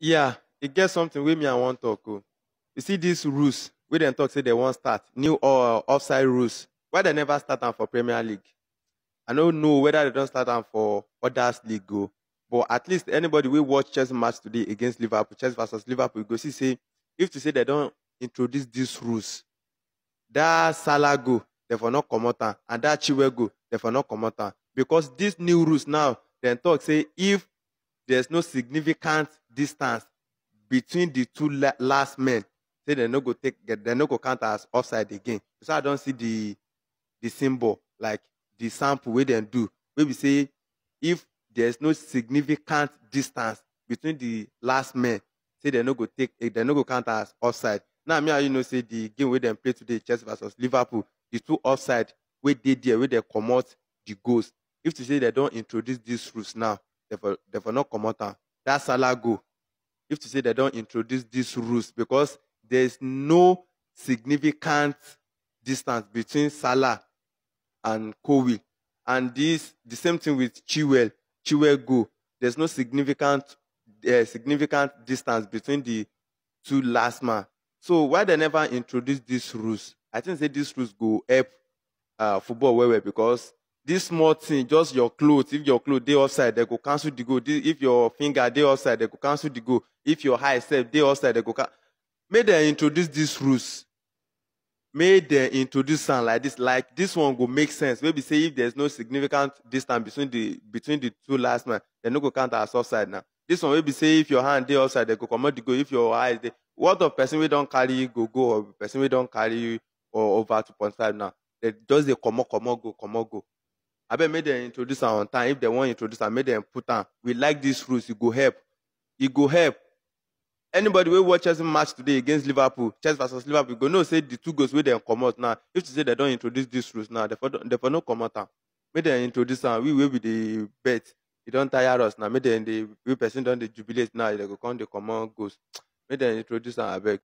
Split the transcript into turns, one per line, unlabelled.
Yeah, it gets something with me I to talk oh. You see these rules We did not talk say won't start, new or uh, offside rules, why they never start them for Premier League? I don't know whether they don't start them for others league go. Oh. but at least anybody will watch chess match today against Liverpool, chess versus Liverpool, go see say if to say they don't introduce these rules, that Salah go, they for no comot am, and that Chilwell go, they for no comot am, because these new rules now, they talk say if there's no significant distance between the two la- last men say they no go take they no go count as offside again so i don't see the the symbol like the sample wey dem do wey be say if there is no significant distance between the last men say they no go take eh, they no go count as offside now me you know say the game wey dem play today chelsea versus liverpool the two offside we did there wey dey comot the goals if to say they don't introduce these rules now they for they for not comot am That's salah goal if to say they don't introduce these rules because there is no significant distance between Salah and Kowi. And this the same thing with Chiwell, Chiwell Go. There's no significant uh, significant distance between the two last man. So why they never introduce these rules? I think say these rules go help uh, football well well because this small thing, just your clothes, if your clothes they outside, they go cancel the go. If your finger they outside, they go cancel the go. If your high step they outside, they go cancel. May they introduce these rules. May they introduce sound like this. Like this one go make sense. Maybe say if there's no significant distance between the between the two last man, they no go count as outside now. This one maybe say if your hand they outside, they go come out the go. If your eyes they what of person we don't carry go go or person we don't carry or over 2.5 now. They just they come on, come on, go, come on, go. abeg made them introduce am on time if dem wan introduce am made them put am we like dis rules e go help e go help anybody who watch chelsea match today against liverpool chelsea versus liverpool go know say the two goals where they come out now if to say they don't introduce dis rules now they for no comot am Made them introduce am we will be the bet e don't tire us now Made them the we person don't dey jubilate now They go come the comot goals Made them introduce I beg.